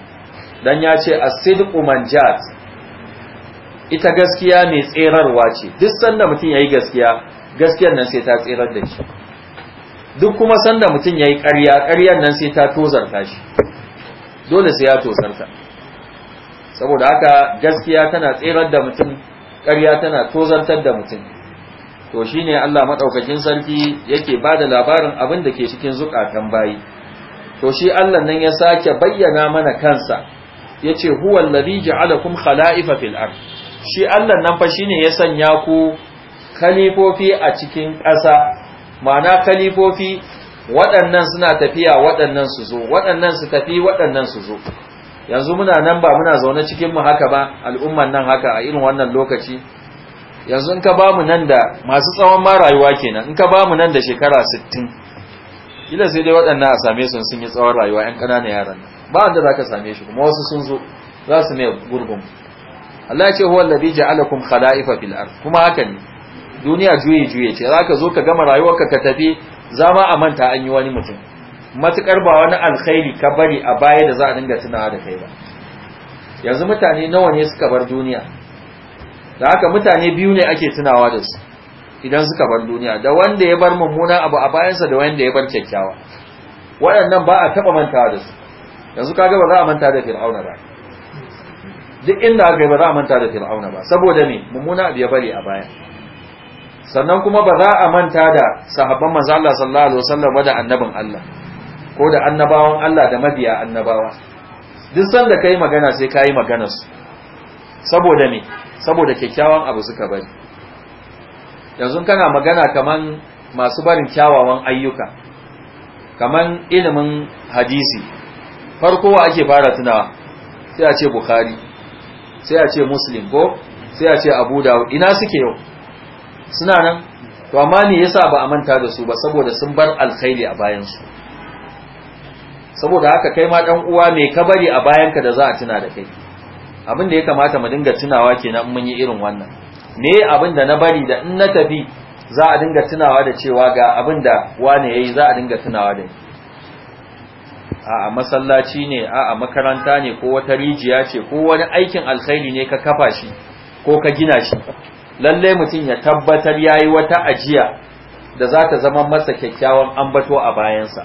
dan yace ce as-sidqu manjat ita gaskiya mai tserarwa ce duk sanda mutum yayi gaskiya gaskiyar nan sai ta tserar da shi duk kuma sanda mutum yayi ƙarya ƙaryar nan sai ta tozarta shi dole sai ya tozarta saboda haka gaskiya tana tserar da mutum ƙarya tana tozantar da mutum to shi ne Allah maɗaukacin sarki yake ba da labarin abin da ke cikin zukatan bayi to shi Allah nan ya sake bayyana mana kansa ya yace huwal ladhi alakun khala'ifa fil'ar shi Allah nan fa shi ne ya sanya ku kalifofi a cikin ƙasa ma'ana kalifofi waɗannan suna tafiya waɗannan su zo waɗannan su tafi waɗannan su zo yanzu muna nan ba muna zaune cikin mu haka ba al'umman nan haka a irin wannan lokaci yanzu in ka ba mu nan da masu tsawon ma rayuwa kenan in ka ba mu nan da shekara 60 ila sai dai waɗannan a same su sun yi tsawon rayuwa ƴan ƙananan yaran ba wanda zaka same shi kuma wasu sun zo za su mai gurbin Allah ya ce huwa alladhi ja'alakum khala'ifa fil ard kuma haka ne duniya juye juye ce zaka zo ka gama rayuwarka ka tafi zama a manta an yi wani mutum matukar ba wani alkhairi ka bari a baya da za a dinga tunawa da kai ba yanzu mutane nawa ne suka bar duniya da haka mutane biyu ne ake tunawa da su idan suka bar duniya da wanda ya bar mummuna abu a bayansa da wanda ya bar kyakkyawa waɗannan ba a taɓa mantawa da su yanzu kaga ba za a manta da fir'auna ba duk inda aka yi ba za a manta da fir'auna ba saboda me mummuna abu ya bari a baya sannan kuma ba za a manta da sahabban manzo Allah sallallahu alaihi wasallam da annabin Allah ko da annabawan Allah da mabiya annabawa duk sanda kai magana sai kai magana su saboda me saboda kyakkyawan abu suka bari yanzu kana magana kaman masu barin kyawawan ayyuka kaman ilimin hadisi farko wa ake fara tunawa sai a ce bukhari sai a ce muslim ko sai a ce abu dawud ina suke yau suna nan to amma ne yasa ba a manta da su ba saboda sun bar alkhairi a bayansu. saboda haka kai ma dan uwa mai bari a bayanka da za a tuna da kai abin da ya kamata mu dinga tunawa kenan mun yi irin wannan me abin da na bari da in na tafi za a dinga tunawa da cewa ga abin da wane yayi za a dinga tunawa da a masallaci ne a makaranta ne ko wata rijiya ce ko wani aikin alkhairi ne ka kafa shi ko ka gina shi lalle mutum ya tabbatar yayi wata ajiya da za ta zama masa kyakkyawan ambato a bayansa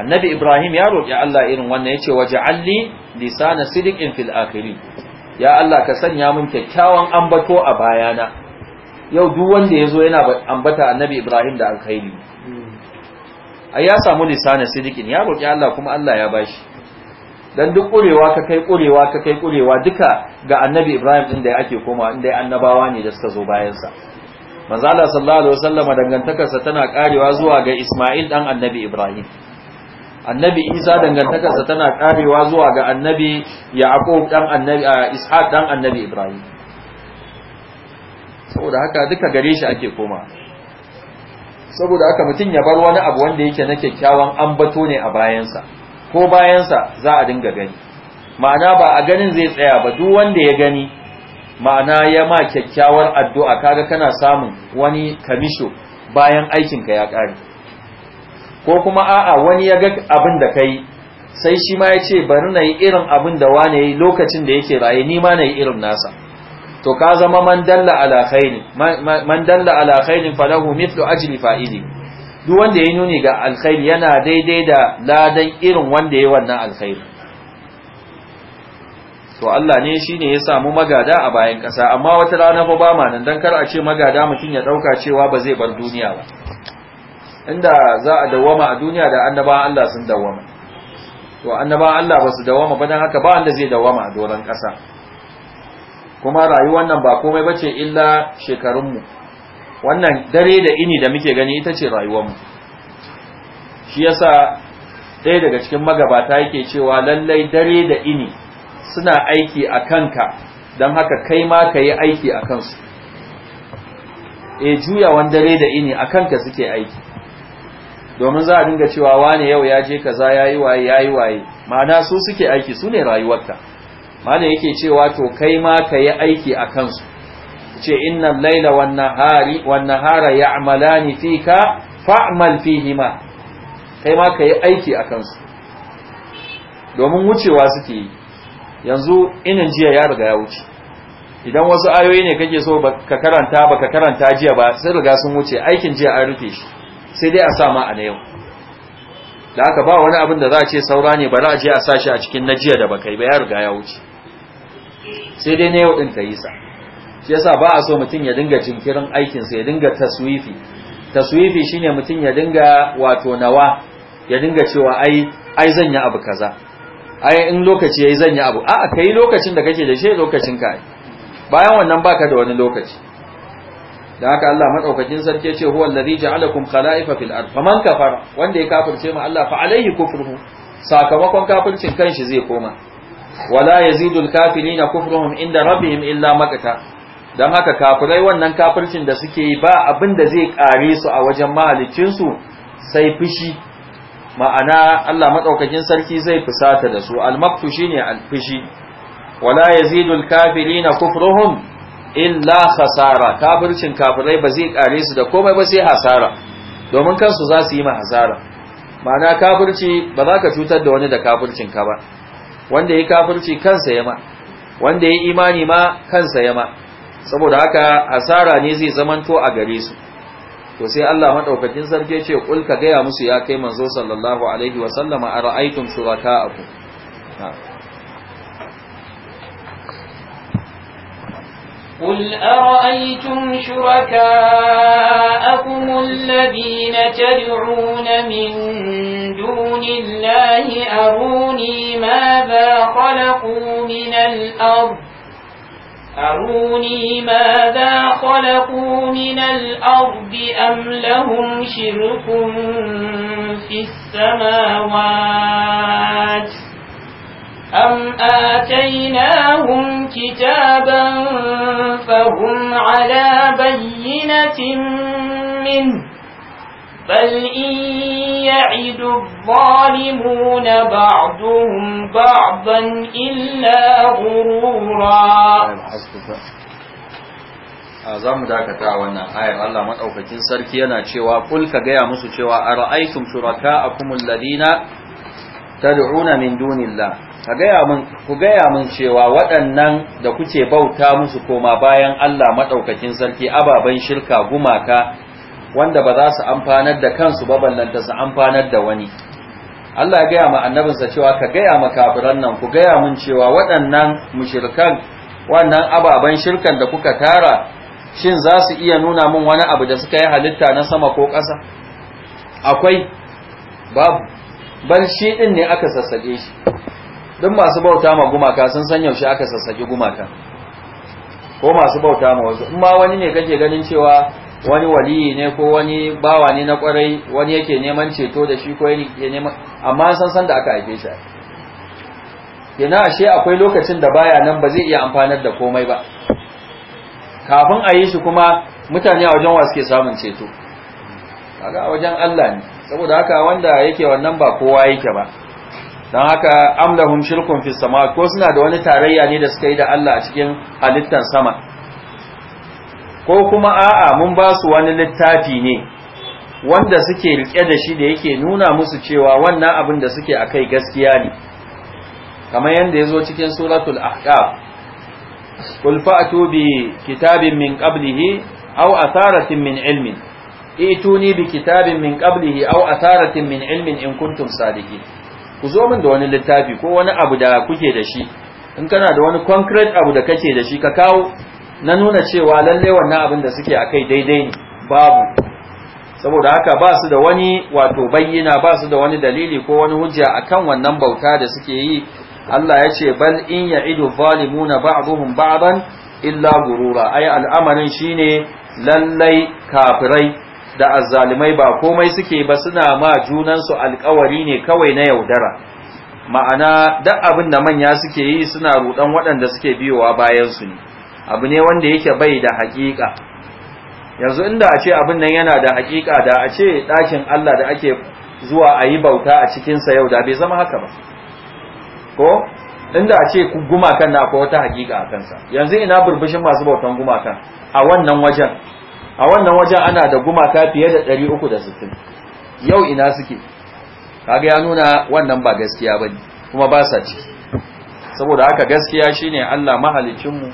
annabi ibrahim ya roƙi Allah irin wannan yace waj'alni lisana sidiqin fil akhirin ya Allah ka sanya min kyakkyawan ambato a bayana yau duk wanda zo yana ambata annabi ibrahim da alkhairi ai ya samu lisana sidiqin ya roƙi Allah kuma Allah ya bashi dan duk kurewa ka kai kurewa ka kai kurewa duka ga annabi ibrahim din da ake koma inda annabawa ne da suka zo bayansa. sa manzo Allah sallallahu alaihi wasallam dangantakarsa tana karewa zuwa ga isma'il dan annabi ibrahim annabi isa dangantakarsa tana karewa zuwa ga annabi yaqub dan annabi ishaq dan annabi ibrahim saboda haka duka gare shi ake koma saboda haka mutum ya bar wani abu wanda yake na kyakkyawan ambato ne a bayansa ko bayansa za a dinga gani ma'ana ba a ganin zai tsaya ba duk wanda ya gani ma'ana ya ma kyakkyawar addu'a kaga kana samun wani kamisho bayan aikinka ya ƙare ko kuma a'a wani ya ga abin da kai sai shi ma ya ce bari na yi irin abin da wane yi lokacin da yake raye ni ma na yi irin nasa to ka zama man dalla ala khairin man dalla ala falahu mithlu ajli fa'ili duk wanda ya nuni ga alkhairi yana daidai da ladan irin wanda ya wannan alkhairi to Allah ne shine ya samu magada a bayan kasa amma wata rana fa ba ma nan dan kar a ce magada mutun ya ɗauka cewa ba zai bar duniya ba inda za a dawwama a duniya da annaba Allah sun dawama to annaba Allah ba su dawwama ba dan haka ba wanda zai dawama a doron ƙasa kuma rayuwar nan ba komai bace illa shekarunmu wannan dare da ini da muke gani ita ce rayuwar mu. shi yasa ɗaya daga cikin magabata yake cewa lallai dare da ini suna aiki a kanka don haka kai ma ka yi aiki a kansu e juyawan dare da ini a kanka suke aiki domin za a dinga cewa wane yau ya je kaza yayi waye yayi waye ma'ana su suke aiki su ne rayuwarka ma'ana yake cewa to kai ma ka yi aiki a kansu ce innal laila wan nahari wan nahara ya'malani fika fa'mal fihima kai ma ka yi aiki a kansu domin wucewa suke yi yanzu inin jiya ya riga ya wuce idan wasu ayoyi ne kake so ka karanta ba ka karanta jiya ba sai riga sun wuce aikin jiya an rufe shi sai dai a sa ma a na yau da aka ba wani abin da za a ce saura ne ba za a je a sa shi a cikin na jiya da ba ba ya riga ya wuce sai dai na yau ɗin ka yi sa shi yasa ba a so mutum ya dinga jinkirin aikinsa ya dinga taswifi taswifi shine mutum ya dinga wato nawa ya dinga cewa ai ai zan yi abu kaza ai in lokaci yayi zan yi abu a'a kai lokacin da kake da shi lokacin ka bayan wannan baka da wani lokaci da haka Allah madaukakin sarki ce huwa allazi ja'alakum khala'ifa fil ard faman kafara wanda ya kafirce ma Allah fa alaihi kufruhu sakamakon kafircin kanshi zai koma wala yazidul kafirina kufruhum inda rabbihim illa maqta dan haka kafirai wannan kafircin da suke yi ba abin da zai kare su a wajen mahalicin su sai fushi ma'ana Allah madaukakin sarki zai fusata da su al-maqtu shine al-fushi wala yazidul kafirina kufruhum illa hasara kafircin kafirai ba zai kare su da komai ba sai hasara domin kansu za su yi ma hasara ma'ana kafirci ba za ka cutar da wani da kafircin ka ba wanda ya kafirci kansa ya ma wanda ya imani ma kansa ya ma saboda haka hasara ne zai zamanto a gare su to sai Allah madaukakin sarki ya ce kul ka gaya musu ya kai manzo sallallahu alaihi wa sallama ara'aytum shuraka'akum قل أرأيتم شركاءكم الذين تدعون من دون الله أروني ماذا خلقوا من الأرض أروني ماذا خلقوا من الأرض أم لهم شرك في السماوات ۖ أم آتيناهم كتابا فهم على بينة منه بل إن يعد الظالمون بعضهم بعضا إلا غرورا za mu dakata a wannan ayar Allah maɗaukakin sarki yana cewa kul ka gaya musu cewa a ra'aitum shuraka akumul ladina tad'una min dunillah ku gaya mun cewa waɗannan da kuke bauta musu koma bayan Allah madaukakin sarki ababen shirka gumaka wanda ba za su amfanar da kansu ba ballanta su amfanar da wani Allah ya gaya ma annabinsa cewa ka gaya ma kafiran nan ku gaya mun cewa waɗannan mushirkan, wannan ababen shirkan da kuka tara shin za su iya nuna min wani abu da suka yi halitta na sama ko ƙasa akwai babu bal shi din ne aka sassage shi duk masu bauta ma gumaka sun san yaushe aka sassaki gumaka ko masu bauta ma wasu in ma wani ne kake ganin cewa wani waliyi ne ko wani bawa ne na kwarai wani yake neman ceto da shi ko yake neman amma san san da aka haife shi yana ashe akwai lokacin da baya nan ba zai iya amfanar da komai ba kafin a yi shi kuma mutane a wajen wa suke samun ceto kaga a wajen Allah ne saboda haka wanda yake wannan ba kowa yake ba don haka amlahum shirkun fi sama ko suna da wani tarayya ne da suka yi da Allah a cikin halittan sama ko kuma a'a mun ba su wani littafi ne wanda suke rike da shi da yake nuna musu cewa wannan abin da suke a kai gaskiya ne kamar yadda ya zo cikin suratul ahqaf qul fa'tu bi kitabin min qablihi aw atharatin min ilmin ituni bi kitabin min qablihi aw atharatin min ilmin in kuntum sadiqin ku zo min da wani littafi ko wani abu da kuke da shi in kana da wani concrete abu da kake da shi ka kawo na nuna cewa lallai wannan abin da suke akai daidai ne babu saboda haka ba su da wani wato bayyana ba su da wani dalili ko wani hujja akan wannan bauta da suke yi Allah ya ce bal in ya'idu zalimuna ba'dhum ba'dan illa gurura ai al'amarin shine lallai kafirai da azzalimai ba komai suke ba suna ma junansu alkawari ne kawai na yaudara ma'ana duk abin da manya suke yi suna rudan waɗanda suke biyowa bayansu ne abu ne wanda yake bai da haƙiƙa yanzu inda a ce abin nan yana da haƙiƙa da a ce ɗakin Allah da ake zuwa a yi bauta a cikinsa yau da bai zama haka ba ko inda a ce gumakan na akwai wata haƙiƙa a kansa yanzu ina burbushin masu bautan gumakan a wannan wajen a wannan wajen ana da gumaka fiye da 360 yau ina suke kaga ya nuna wannan ba gaskiya bane kuma ba sa ciki saboda haka gaskiya shine Allah mahalicin mu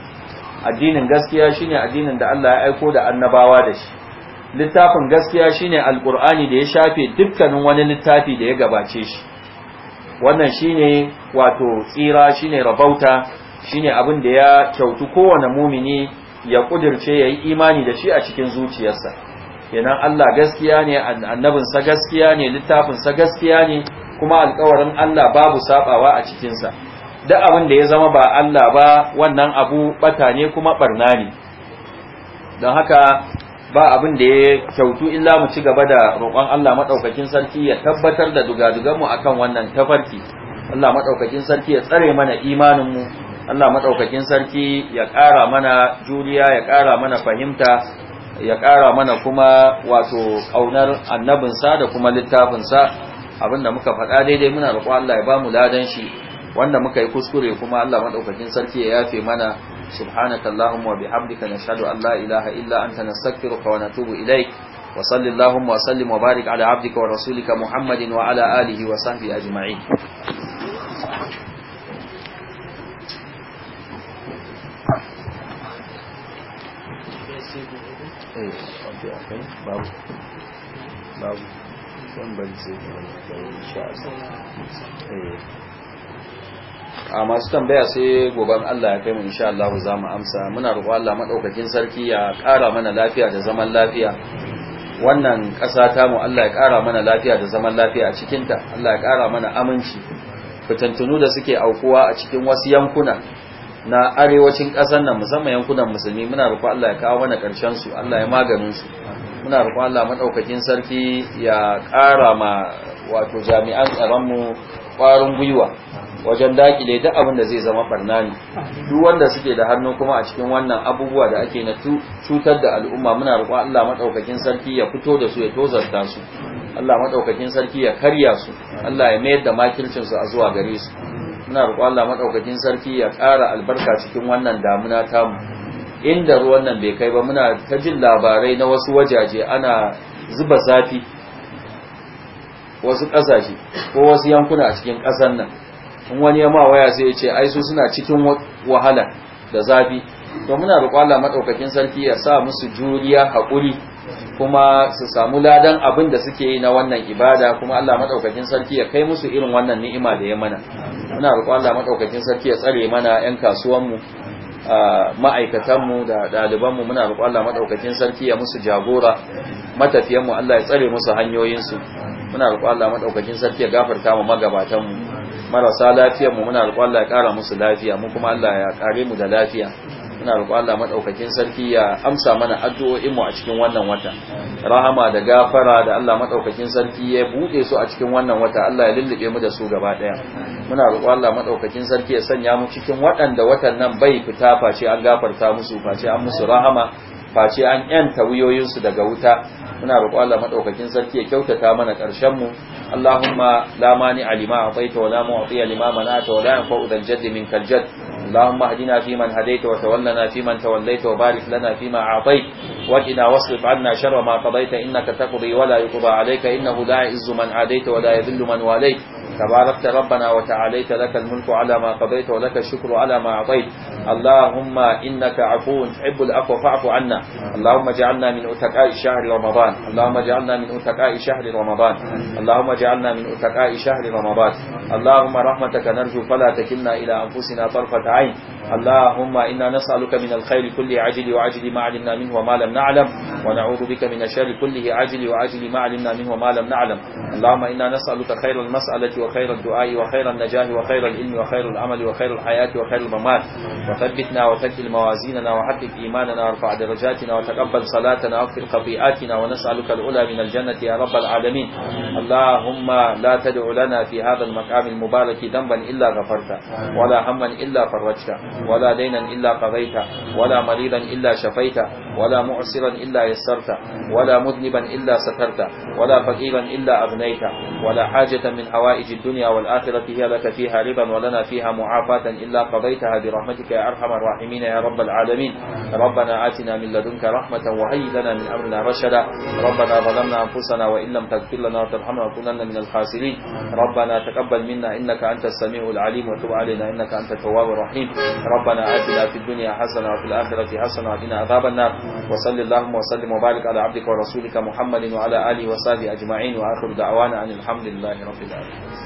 addinin gaskiya shine addinin da Allah ya aiko da annabawa da shi littafin gaskiya shine alqur'ani da ya shafe dukkanin wani littafi da ya gabace shi wannan shine wato tsira shine rabauta shine abin da ya kyautu kowane mumini ya kudirce ya yi imani da shi a cikin zuciyarsa kenan Allah gaskiya ne annabinsa gaskiya ne littafinsa gaskiya ne kuma alkawarin Allah babu sabawa a cikinsa duk abin da ya zama ba Allah ba wannan abu bata ne kuma barna ne don haka ba abin da ya kyautu illa mu ci gaba da roƙon Allah maɗaukakin sarki ya tabbatar da dugaduganmu akan wannan tafarki Allah maɗaukakin sarki ya tsare mana imaninmu Allah maɗaukakin sarki ya ƙara mana juriya ya ƙara mana fahimta ya ƙara mana kuma wato ƙaunar annabinsa da kuma littafinsa abinda muka faɗa daidai muna da Allah ya ba mu ladan shi wanda muka yi kuskure kuma Allah maɗaukakin sarki ya yafe mana subhanakallahumma wa bihamdika nashhadu an la ilaha illa anta nastaghfiruka wa natubu ilaik wa sallallahu wa sallim wa barik ala abdika wa rasulika muhammadin wa ala alihi wa sahbihi ajma'in Eh, eh. a masu tambaya sai goban Allah ya kai mu insha Allah za mu amsa muna roƙo Allah madaukakin sarki ya ƙara mana lafiya da zaman lafiya wannan ƙasa ta mu Allah ya ƙara mana lafiya da zaman lafiya a cikinta Allah ya ƙara mana aminci fitantunu da suke aukuwa a cikin wasu yankuna na arewacin ƙasar nan musamman yankunan musulmi muna roƙo Allah ya kawo mana ƙarshen su Allah ya maganin su muna roƙo Allah madaukakin sarki ya ƙara ma wato jami'an tsaron mu ƙwarin gwiwa wajen dakile duk abin da zai zama barna ne duk wanda suke da hannu kuma a cikin wannan abubuwa da ake na cutar da al'umma muna roƙon Allah madaukakin sarki ya fito da su ya tozarta su Allah madaukakin sarki ya karya su Allah ya mayar da makircin su a zuwa gare su muna roƙon Allah maɗaukakin sarki ya ƙara albarka cikin wannan damuna tamu inda ruwan nan bai kai ba muna ta jin labarai na wasu wajaje ana zuba zafi wasu ƙasashe ko wasu yankuna a cikin ƙasar nan in wani ya ma waya sai ya ce ai su suna cikin wahala da zafi to muna roƙon Allah maɗaukakin sarki ya sa musu juriya haƙuri kuma su samu ladan abin da suke yi na wannan ibada kuma Allah madaukakin sarki ya kai musu irin wannan ni'ima da ya mana muna roƙon Allah madaukakin sarki ya tsare mana ƴan kasuwanmu ma'aikatanmu da ɗalibanmu muna roƙon Allah madaukakin sarki ya musu jagora matafiyanmu Allah ya tsare musu hanyoyinsu muna roƙon Allah madaukakin sarki ya gafarta mu magabatanmu marasa mu muna roƙon Allah ya ƙara musu lafiya mu kuma Allah ya ƙare mu da lafiya ina roƙo Allah madaukakin sarki ya amsa mana addu'o'in mu a cikin wannan wata rahama da gafara da Allah madaukakin sarki ya bude su a cikin wannan wata Allah ya lullube mu da su gaba daya muna roƙo Allah madaukakin sarki ya sanya mu cikin waɗanda watan nan bai fita face an gafarta musu face an musu rahama face an yanta wuyoyinsu daga wuta muna roƙo Allah madaukakin sarki ya kyautata mana ƙarshen mu Allahumma a mani alima ataita wa la mu'ti alima mana ata wa la yanfa'u dhal jadd min fi man hadaita wa tawallana fi man tawallaita wa barik lana fi ma ataita wa qina wasrif 'anna sharra ma qadaita innaka wala wa la yuqda 'alayka innahu la yuzzu man 'adaita wa la yadhillu man walayta تباركت ربنا وتعاليت لك الملك على ما قضيت ولك الشكر على ما أعطيت اللهم إنك عفو تحب العفو فاعف عنا اللهم اجعلنا من أتقاء شهر رمضان اللهم اجعلنا من أتقاء شهر رمضان اللهم اجعلنا من أتقاء شهر رمضان اللهم رحمتك نرجو فلا تكلنا إلى أنفسنا طرفة عين اللهم إنا نسألك من الخير كله عجل وعجل ما علمنا منه وما لم نعلم ونعوذ بك من الشر كله عجل وعجل ما علمنا منه وما لم نعلم اللهم إنا نسألك خير المسألة وخير الدعاء وخير النجاح وخير العلم وخير العمل وخير الحياة وخير الممات وثبتنا وثقل موازيننا وحقق إيماننا وارفع درجاتنا وتقبل صلاتنا واغفر خطيئاتنا ونسألك الأولى من الجنة يا رب العالمين اللهم لا تدع لنا في هذا المقام المبارك ذنبا إلا غفرته ولا هما إلا فرجته ولا دينا إلا قضيته ولا مريضا إلا شفيته ولا معسرا إلا يسرته ولا مذنبا إلا سترت ولا فقيرا إلا أغنيته ولا حاجة من حوائج الدنيا والآخرة هي لك فيها ربا ولنا فيها معافاة إلا قضيتها برحمتك يا أرحم الراحمين يا رب العالمين ربنا آتنا من لدنك رحمة وهيئ لنا من أمرنا رشدا ربنا ظلمنا أنفسنا وإن لم تغفر لنا وترحمنا لنكونن من الخاسرين ربنا تقبل منا إنك أنت السميع العليم وتب علينا إنك أنت التواب الرحيم ربنا آتنا في الدنيا حسنة وفي الآخرة حسنة وقنا عذاب النار وصل اللهم وسلم وبارك على عبدك ورسولك محمد وعلى آله وصحبه أجمعين وآخر دعوانا أن الحمد لله رب العالمين